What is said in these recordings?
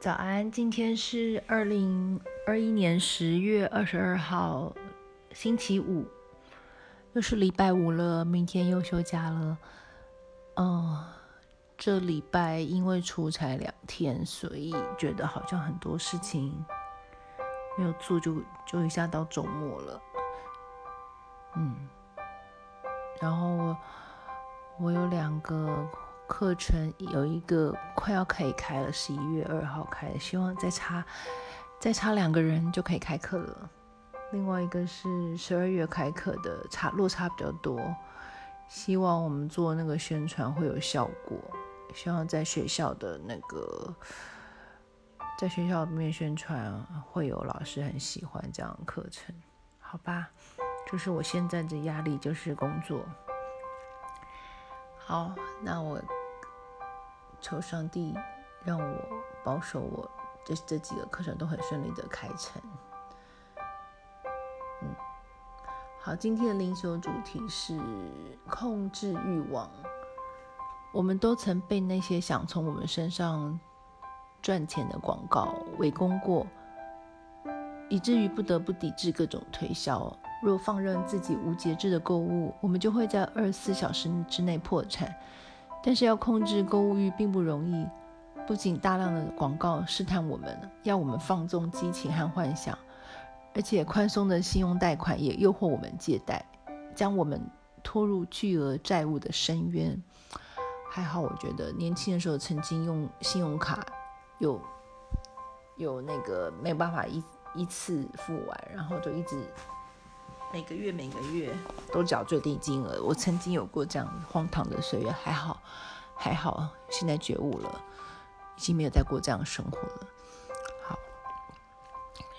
早安，今天是二零二一年十月二十二號，星期五，又是禮拜五了，明天又休假了。嗯、哦，這禮拜因為出差兩天，所以覺得好像很多事情沒有做就，就就一下到周末了。嗯，然後我我有兩個。課程有一個快要可以開了，十一月二號開，希望再差再差兩個人就可以開課了。另外一個是十二月開課的，差，落差比較多，希望我們做那個宣傳會有效果，希望在學校的那個，在學校裡面宣傳會有老師很喜歡這樣課程，好吧？就是我現在的壓力就是工作。好，那我。求上帝讓我保守我這這幾個課程都很順利的開成。嗯，好，今天的靈修主題是控制欲望。我們都曾被那些想從我們身上賺錢的廣告圍攻過，以至於不得不抵制各種推銷。若放任自己無節制的購物，我們就會在二十四小時之內破產。但是要控制購物慾並不容易，不僅大量的廣告試探我們，要我們放縱激情和幻想，而且寬鬆的信用貸款也誘惑我們借貸，將我們拖入巨額債務的深淵。還好，我覺得年輕的時候曾經用信用卡有，有有那個沒有辦法一一次付完，然後就一直。每個月每個月都繳最低金額，我曾經有過這樣荒唐的歲月，還好，還好，現在覺悟了，已經沒有再過這樣的生活了。好，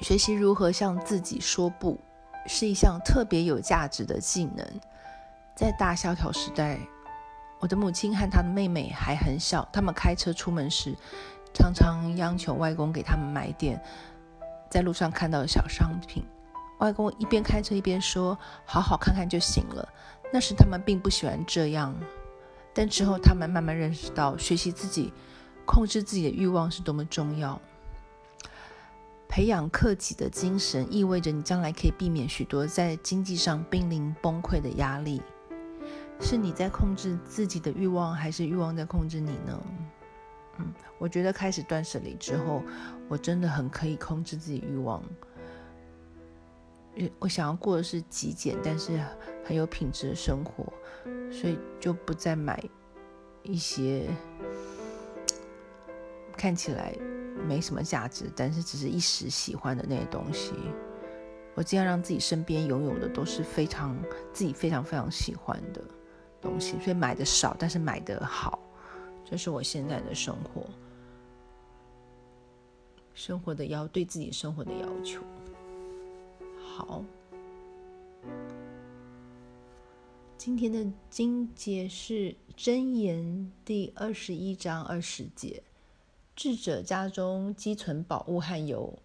學習如何向自己說不，是一項特別有價值的技能。在大蕭條時代，我的母親和她的妹妹還很小，她們開車出門時，常常央求外公給她們買點在路上看到的小商品。外公一邊開車一邊說：“好好看看就行了。”那時他們並不喜歡這樣，但之後他們慢慢認識到，學習自己控制自己的慾望是多麼重要。培養克己的精神，意味着你將來可以避免許多在經濟上瀕臨崩潰的壓力。是你在控制自己的慾望，還是慾望在控制你呢？嗯，我覺得開始斷捨離之後，我真的很可以控制自己的慾望。我想要過的是極簡，但是很有品質的生活，所以就不再買一些看起來沒什麼價值，但是只是一時喜歡的那些東西。我盡量讓自己身邊擁有的都是非常自己非常非常喜歡的東西，所以買的少，但是買的好，這是我現在的生活。生活的要對自己生活的要求。好，今天的經節是《箴言》第二十一章二十節：“智者家中積存寶物和油，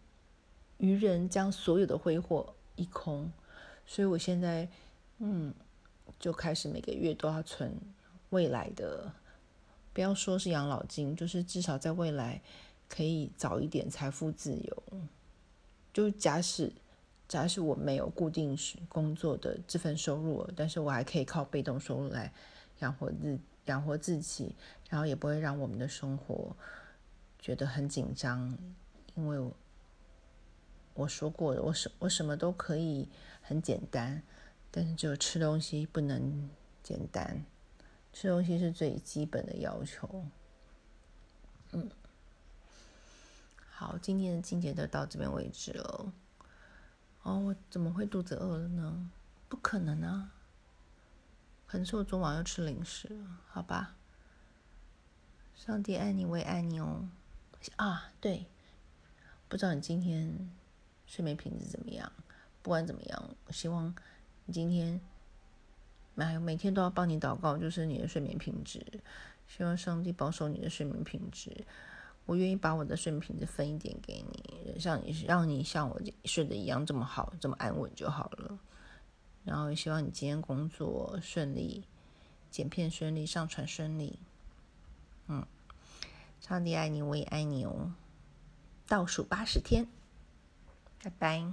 愚人將所有的揮霍一空。”所以，我現在嗯，就開始每個月都要存未來的，不要說是養老金，就是至少在未來可以早一點財富自由。就假使。只要是我沒有固定是工作的這份收入，但是我還可以靠被動收入來養活自養活自己，然後也不會讓我們的生活覺得很緊張，因為我，我說過的，我什我什麼都可以很簡單，但是就吃東西不能簡單，吃東西是最基本的要求。嗯，好，今天的清潔就到這邊為止了。哦，我怎麼會肚子餓了呢？不可能啊，可能是我昨晚又吃零食了，好吧。上帝愛你，我也愛你哦。啊，對，不知道你今天睡眠品質怎麼樣？不管怎麼樣，我希望你今天，沒有，每天都要幫你禱告，就是你的睡眠品質。希望上帝保守你的睡眠品質。我願意把我的睡眠品質分一點給你。像你讓你像我睡得一樣這麼好，這麼安穩就好了。然後也希望你今天工作順利，剪片順利，上傳順利。嗯，上帝愛你，我也愛你哦。倒數八十天，拜拜。